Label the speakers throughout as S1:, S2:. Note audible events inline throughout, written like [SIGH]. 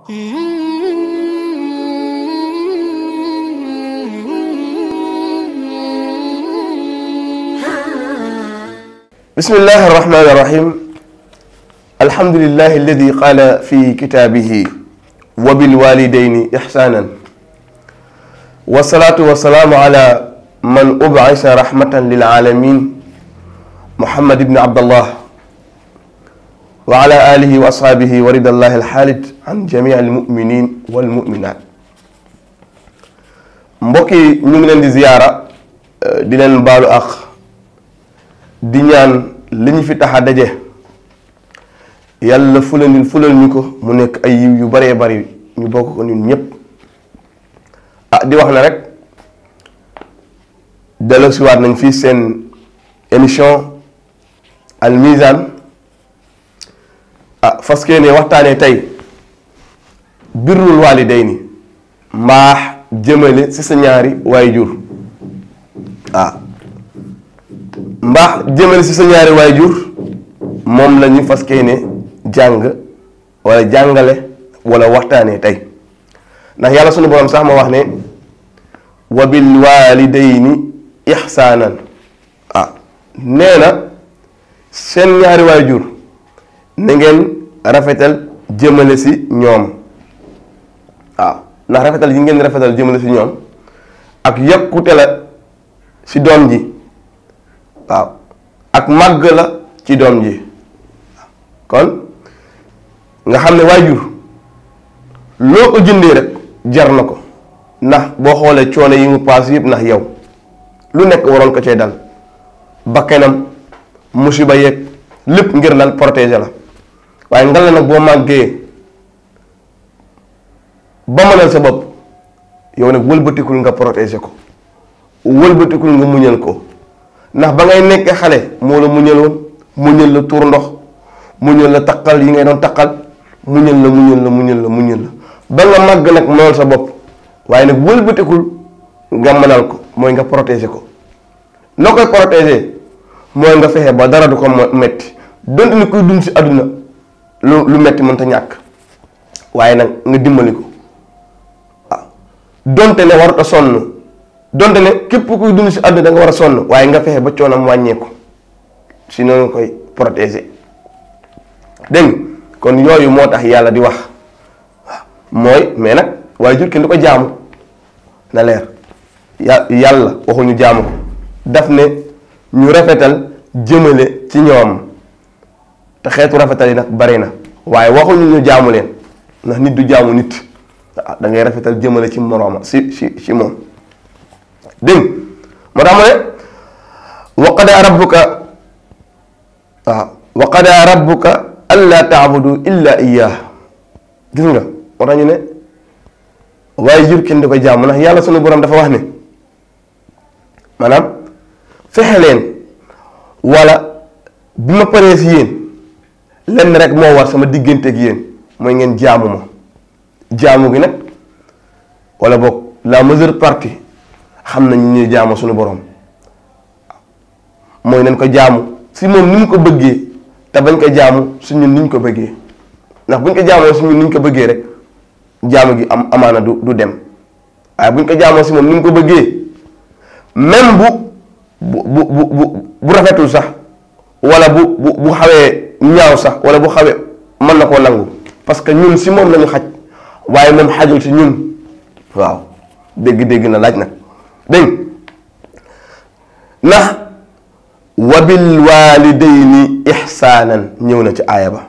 S1: بسم الله الرحمن الرحيم الحمد لله الذي قال في كتابه وبالوالدين إحسانا والصلاة والسلام على من أبعث رحمة للعالمين محمد بن عبد الله wa ala alihi wa ashaabihi wa ridallahi alxaalit an jamii almuminin walmuminat mbokk yi ñu ngi leen di ziyaara eh, di leen baalu ak di ñaan li ñu fi tax a daje yàlla fulanil fulal ko mu nekk ay yiw yu baree bari ñu bokk ko ñun ñépp ah di wax na rek delloosiwaat nañ fii seen émission al mizan ah fas yéene waxtaanee tey birrul waalidayni mbaax jëmale ci sa ñaari waajur ah ci sa ñaari waajur moom lañuy ñu fas jàng wala jàngale wala waxtaanee tey ndax yàlla sunu borom sax ma wax ne wa bil waalidayni ixsaanan ah nee na seen ñaari jur na ngeen rafetal jëmale si ñoom waaw ndax rafetal yi ngeen rafetal jëmale si ñoom ak yokkute la si doom ji waaw ak màgg la ci doom ji kon nga xam ne waajur loo ko jëndee rek jar na ko ndax boo xoolee coono yi mu paase yëpp ndax yow lu nekk waroon ko cee dal bakkenam musiba yeeg lépp ngir dal protéger la waye ngal la bo boo màggee ba mënal sa bop yow nag wëlbatikul nga protéger ko wëlbatikul nga muñal ko ndax ba ngay nekk xalé mo la muñal won muñal la tour ndox muñal la takal yi ngay don takal muñal la muñal la muñal la muñal la ba nga mag nak mënal sa bopp nga manal ko moy nga protéger ko nokoy protéger moy nga fexé ba dara du ko metti dund si aduna lu lu metti mënta ñàkk waaye nag nga dimbali ko waaw ah. donte ne warut a sonn donte ne képp kuy dund si àdduna danga war a sonn waaye nga fexe ba coonam wàññeeku si noonu koy protéger dégg kon yooyu moo tax yàlla di wax waaw ah. mooy mais nag waaye jur kenn du ko jaamu na leer yàlla waxuñu jaamu ko daf ne ñu rafetal jëmale ci ñoom. te xeetu rafetali nag bari na waaye waxuñu ñu jaamu leen ndax nit du jaamu nit ah, dangay rafetal jëmale ci morooma si si si moom dégg moo tax mu ne ñu ne waaye jur kenn di ko jaamu ndax yàlla sunu borom dafa wax ne maanaam fexe leen wala bi ma paree si yéen lenn rek moo war sama diggante ak yéen mooy ngeen jaamu ma jaamu gi nag wala boog la majeure partie xam nañ ñuy jaamu suñu borom mooy nañ ko jaamu si moom ni mu ko bëggee te bañ ko jaamu su ñun niñ ko bëggee ndax buñ ko jaamoo su niñ ko bëggee rek jaamu gi am amaana du du dem waaye buñ ko jaamoo si moom ni mu ko bëggee même bu bu bu bu bu rafetul sax wala bu bu bu xawee. ñaaw sax wala bu xawee mën na koo nangu parce que ñun si moom lañu xaj waaye moom xajul si ñun waaw dégg-dégg na laaj nag dégg ndax wabil waalidayni ixsaanan ñëw na ci aaya ba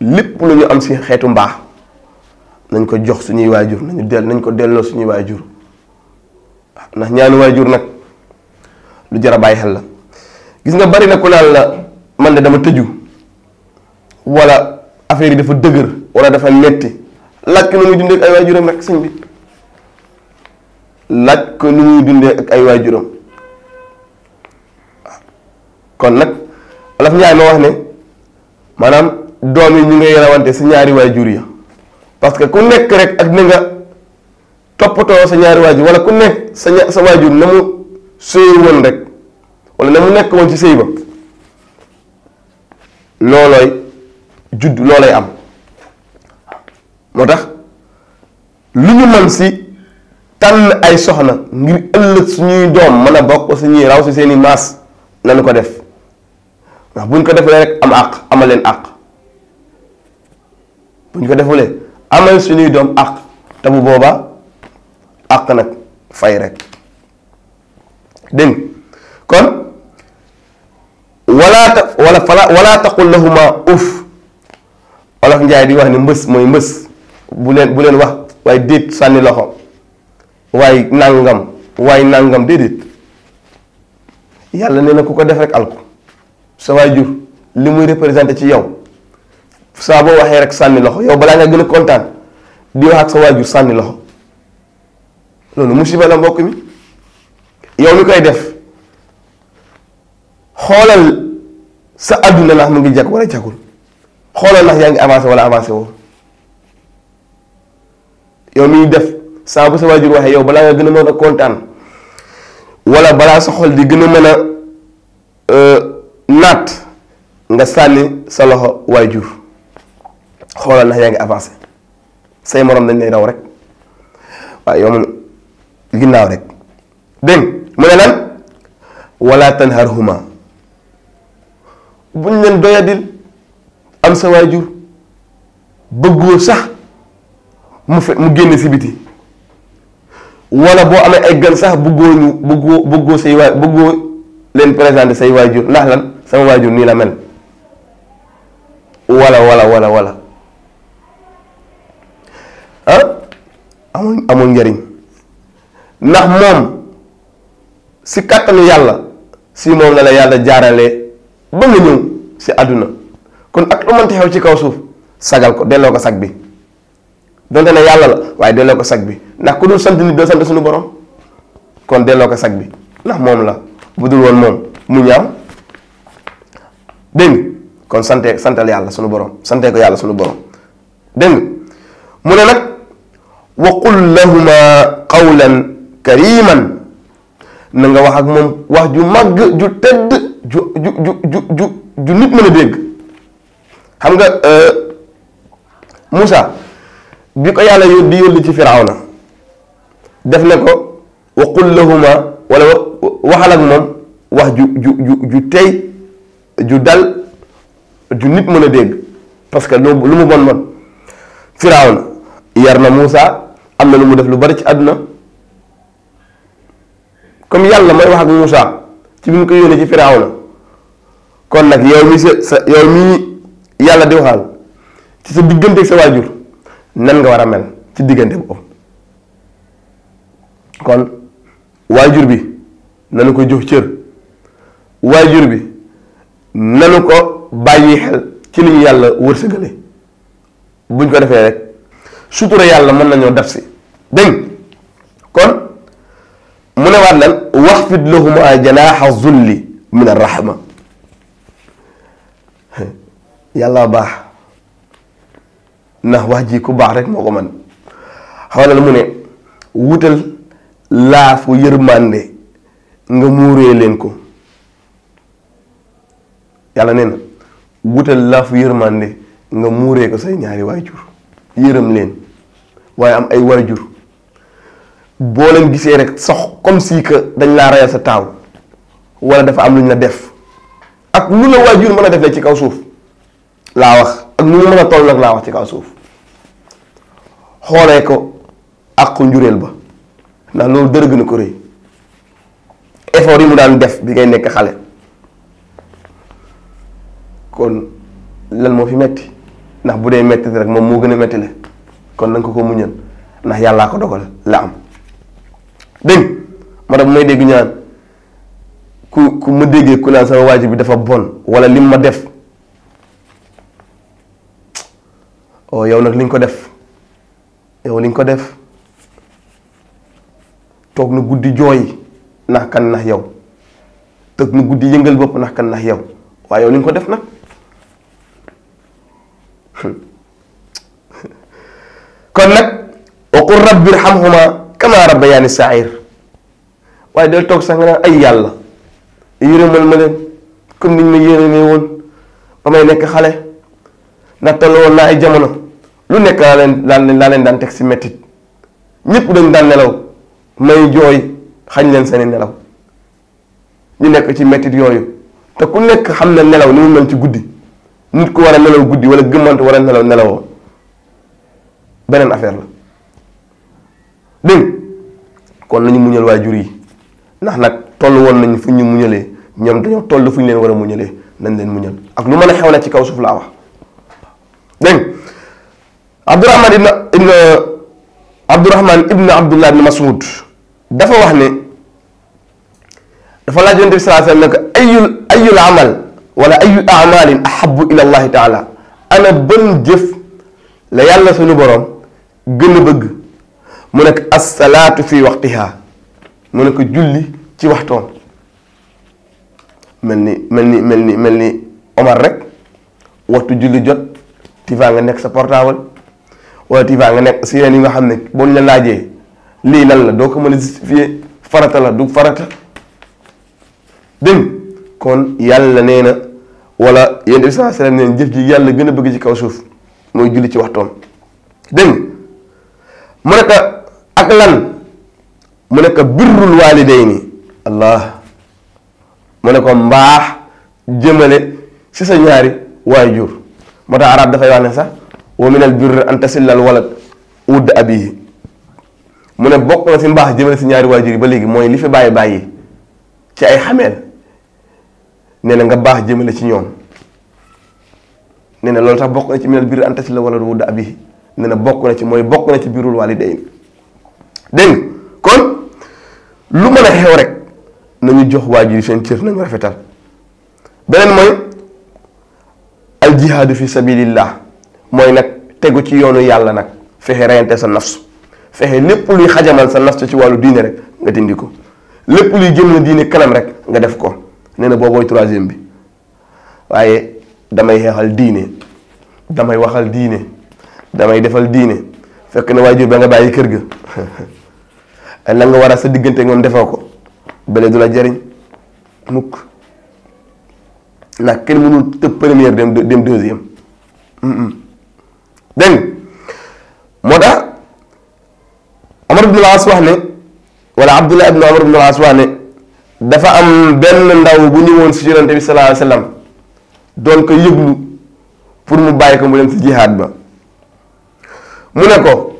S1: lépp lu ñu am si xeetu mbaax nañ ko jox suñuy waajur nañu del nañ ko delloo suñuy waajur ndax ñaanu waajur nag lu jar a bàyyi xel la gis nga bari na ku naan la man de dama tëju wala affaire yi dafa dëgër wala dafa metti laaj ko nu muy dundee ak ay waajuram rek bi laaj ko muy dundee ak ay waajuram kon nag Wolof Njaay moo wax ne maanaam doom yi ñu ngi yarawante si ñaari waajur yi parce que ku nekk rek ak na nga toppatoo sa ñaari waajur wala ku nekk sa sa waajur na mu sëy woon rek wala na mu nekk woon ci sëy ba loolooy judd loolay am moo tax lu ñu mën si tànn ay soxna ngir ëllëg suñuy doom mën a bokk suñuy raw si seeni maas nañu ko def ndax buñ ko defulee rek am àq amal leen àq buñ ko defulee amal suñuy doom àq te bu boobaa àq nag fay rekk dégg kon la fala wala taqul lahuma uf olof njaay di wax ni mbës mooy mbës bu leen bu leen wax waaye déet sànni loxo waaye nàngam waaye nàngam déedéet yàlla nee na ku ko def rek alku sa waajur li muy représenté ci yow saa boo waxee rek sànni loxo yow balaa nga gën kontaan di wax ak sa waajur sànni loxo loolu musiba la mbokk mi yow mi koy def xoolal sa adduna ndax mu ngi jàkk wala jàkkul xoolal nax yaa ngi avancé wala avancé woo yow mi def saabu bu sa waajur waxee yow balaa nga gën a mën a kontaan walla balaa sa xol di gën a mën a euh, naat nga sànni sa loxo waajur xoolal nax yaa ngi avancé say moroom dañ lay raw rek waaye yow moom ginnaaw rek dégg mu ne lan wala tanharhuma buñ leen doyadil am sa wajur bëggoo sax mu fe mu génn si biti wala boo amee ay gan sax bëggoo ñu bëggoo bëggoo say waay bëggoo leen présenter say wajur ndax lan sama wajur nii la mel wala wala wala wala ah amul amul njariñ ndax moom si kàttanu yàlla si moom la la yàlla ba nga ñew si Aduna. kon ak lu mënta xew ci kaw suuf sagal ko delo ko sag bi donte ne yalla la waye delo ko sag bi ndax ku dul sant ni do sant suñu borom kon delo ko sag bi ndax moom la bu dul mu ñaaw deng kon sante santal yalla suñu borom sante ko yalla suñu borom deng mu ne nak, wa qul lahuma qawlan kariman nga wax ak mom wax ju mag ju tedd ju ju ju ju ju nit mën a dégg xam nga euh, musa bi ko yàlla yóbbu di yóbbu ci Firawna def ne ko waqul lahuma wala waxal ak moom wax ju ju ju ju tey ju dal ju nit mën a dégg parce que lu mu bon man Firawna yar na Moussa am na lu mu def lu bari ci àdduna comme yàlla may wax ak Moussa ci bi mu ko yónnee ci na kon nag yow mi sa sa yow mi yàlla di waxal ci sa diggante sa waajur nan nga war a mel ci diggante boobu kon waajur bi nanu ko jox cër waajur bi nanu ko bàyyi xel ci li ñu yàlla wërsëgale buñ ko defee rek sutura yàlla mën nañoo def si dégg kon mu ne waat lan waxfid lahuma janaaxa zulli min arrahma yàlla baax ndax wax ji ku baax rek moo ko man la mu ne wutal laafu yërmande nga muuree leen ko yàlla nee na wutal laafu yërmande nga muuree ko say ñaari waajur yërëm leen waaye am ay waajur boo leen gisee rek sox comme si que dañ laa reyal sa taaw wala dafa am lu ñu la def ak lu la waajur mën a def defee ci kaw suuf laa wax ak nu mu mën a toll nag laa wax ci kaw suuf xoolee ko àqu njuréel ba ndax loolu dërëg na ko rëy effort yi mu daan def bi ngay nekk xale kon lan moo fi metti ndax bu dee metti rek moom moo gën a metti kon na ko ko muñal ndax yàllaa ko dogal la am dégg ma ne bu may dégg ñaan ku ku ma déggee ku naan sama waajur bi dafa bon wala lim ma def oh yow nak liñ ko def yow liñ ko def tok na guddii joy nak kan nak yow tok na guddii yëngal bop nak kan nak yow wa yow liñ ko def nak kon nak waqul rabbi irhamhuma kama rabbayani sa'ir waaye del tok sax nga ay yalla yërëmal ma leen comme niñ ma yërëmee woon ba may nekk ndax toll woon naa ay jamono lu nekk laa leen laa leen laa leen daan teg si mettit ñëpp dañ daan nelaw may jooy xañ leen seeni nelaw ñu nekk ci mettit yooyu te ku nekk xam na nelaw ni mu mel ci guddi nit ku war a nelaw guddi wala gëmmant war a nelaw nelawoo beneen affaire la dégg kon nañu muñal waajur yi ndax nag toll woon nañ fu ñu muñalee ñoom dañoo toll fu ñu leen war a muñalee nañ leen muñal ak lu mën a xew na ci kaw suuf laa wax dégg Abdourahman ibn ibn Abdourahman ibn Abdullah ibn Mas'ud dafa wax ne dafa laaj yonent bi sallallahu alayhi wa sallam ne ko ayul ayul amal wala ayu amalin ahabu ila allahi taala ana ban jëf la yàlla suñu borom gën a bëgg mu nekk assalaatu fi waxtiha mu ne ko julli ci waxtoom mel ni mel ni mel ni mel ni Omar rek waxtu julli jot tiva nga nekk sa portable wala tiva nga nekk si yeneen yi nga xam ne boo ñu la laajee lii lan la doo ko mën a justifier farata la du farata dégg kon yàlla nee na wala yéen sa saa salaam neen jëf ji yàlla gën a bëgg ci kaw suuf mooy julli ci waxtoom dégg mu nekk ak lan mu nekk birrul waalidayni allah mu ne ko mbaax jëmale ci sa ñaari waajur moo tax arab dafay wax ne sax wa minal birri an tasillal walad wudd abihi mu ne bokk na si mbaax jëmale si ñaari waajur yi ba léegi mooy li fi bàyyi bàyyi ci ay xameel nee na nga baax jëmale ci ñoom nee na loolu sax bokk na ci minal birri an tasillal walad wudd abihi nee na bokk na ci mooy bokk na ci birrul walidayn dégg kon lu mën a xew rek nañu jox waajur yi seen cër nañu rafetal beneen mooy. al jihaadu fi sabilillah mooy nag tegu ci yoonu yàlla nag fexe reyante sa nafsu fexe lépp luy xajamal sa nafsu ci wàllu diine rek nga ko lépp luy jëm na kanam rek nga def ko nee na boobooy troisième bi waaye damay xeexal diine damay waxal diine damay defal diine fekk na waajur ba nga bàyyi kër ga [LAUGHS] na nga war a sa diggante ngoon defoo ko bële du la jariñ mukk ndax kenn mënul tëb première dem dem deuxième dégg moo tax Amar ibn al-As wax ne wala Abdullah ibn Amar ibn al-As wax ne dafa am benn ndaw bu ñëwoon si yonente bi sallallahu alayhi mu bàyyi ko mu dem si jihaad ba mu ne ko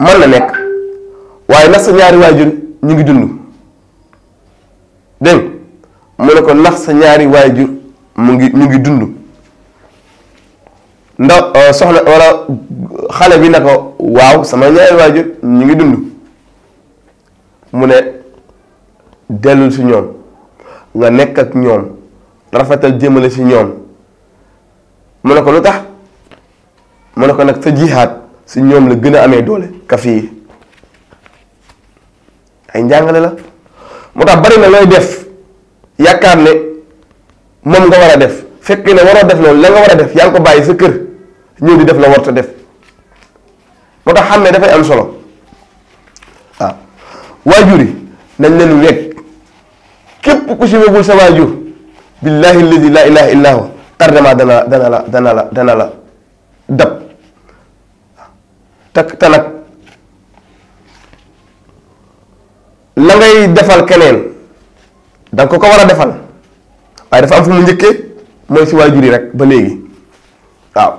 S1: mën na nekk waaye ndax sa ñaari waajur ñu ngi dund dégg mu ne ko ndax sa ñaari waajur mu ngi mu ngi dund ndax euh, soxna walla xale bi ne ko waaw sama ñaari waajur ñu ngi dund mu ne dellul si ñoom nga nekk ak ñoom rafetal jëmale ci ñoom mu ne ko lu tax mu ne ko nag sa jihaat si ñoom la gën a amee doole ka fii ay njàngale la moo tax bari na looy def yaakaar ne mom nga wara def fekke ne waroo def lolou la nga wara def yang ko baye sa keur ñëw di def la warta def moo tax da fay am solo ah wajuri nañ leen wek kep ku ci wegul sa waajur billahi alladhi la ilaha illa huwa tardement dana dana la dana la dana la dab tak tanak la ngay defal keneen da ko ko wara defal dafa am fu mu njëkkee mooy si waajur yi rek ba léegi waaw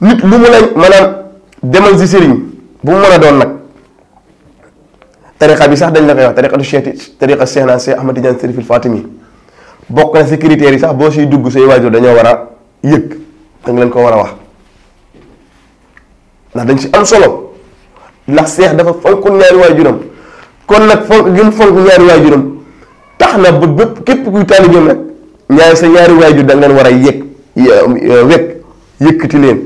S1: nit lu mu la maanaam demal si sëriñ bu mu mën a doon nag tariqa bi sax dañ la koy wax tariqa du Cheikh tariqa Cheikh naa Cheikh Ahmad Tidiane Chérif Fatimi bokk na yi sax boo siy dugg say waajur dañoo war a yëg da leen ko war a wax ndax dañ si am solo ndax seex dafa fonk ñaari waajuram kon nag fonk gën fonk ñaari waajuram taxna bu-bu kep kuy talibé nak ñaari sa ñaari wayju da ngeen wara yek ya, ya, wek yekati len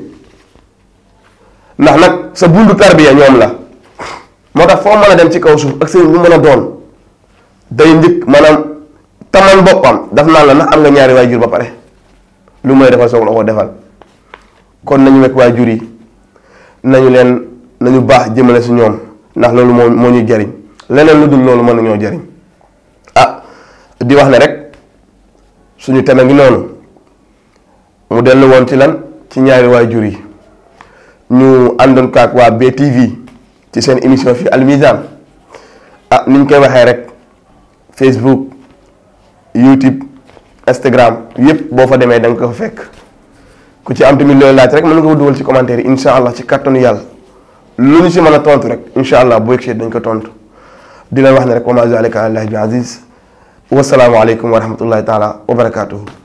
S1: ndax nak sa bundu tarbiya ñom la motax fo foo dem ci kaw suuf ak seen lu mën doon day ndik manam taman bopam daf na la nak am nga ñaari wayjur ba pare lu may defal soog ko defal kon nañu wek wayjur yi nañu len nañu bax jëmele si ñom ndax lolu mo ñu jariñ leneen lu dul lolu jariñ di wax ne rek suñu teme ngi noonu mu dellu woon ci lan ci ñaari waajur yi ñu àndoon kaak waa BTV ci seen émission fii Al Mizan ah, ni ñu koy waxee rek Facebook YouTube Instagram yëpp boo fa demee da nga ko fekk ku ci am tamit loolu laaj rek mën nga ko dugal ci commentaire yi allah ci kattanu yàlla lu ñu si mën a tontu rek incha allah bu yegsee dañ ko tontu di leen wax ne rek wa ma zalika bi aziz wasalaamualeykum wa rahmatullahi taala wa barakaatuhu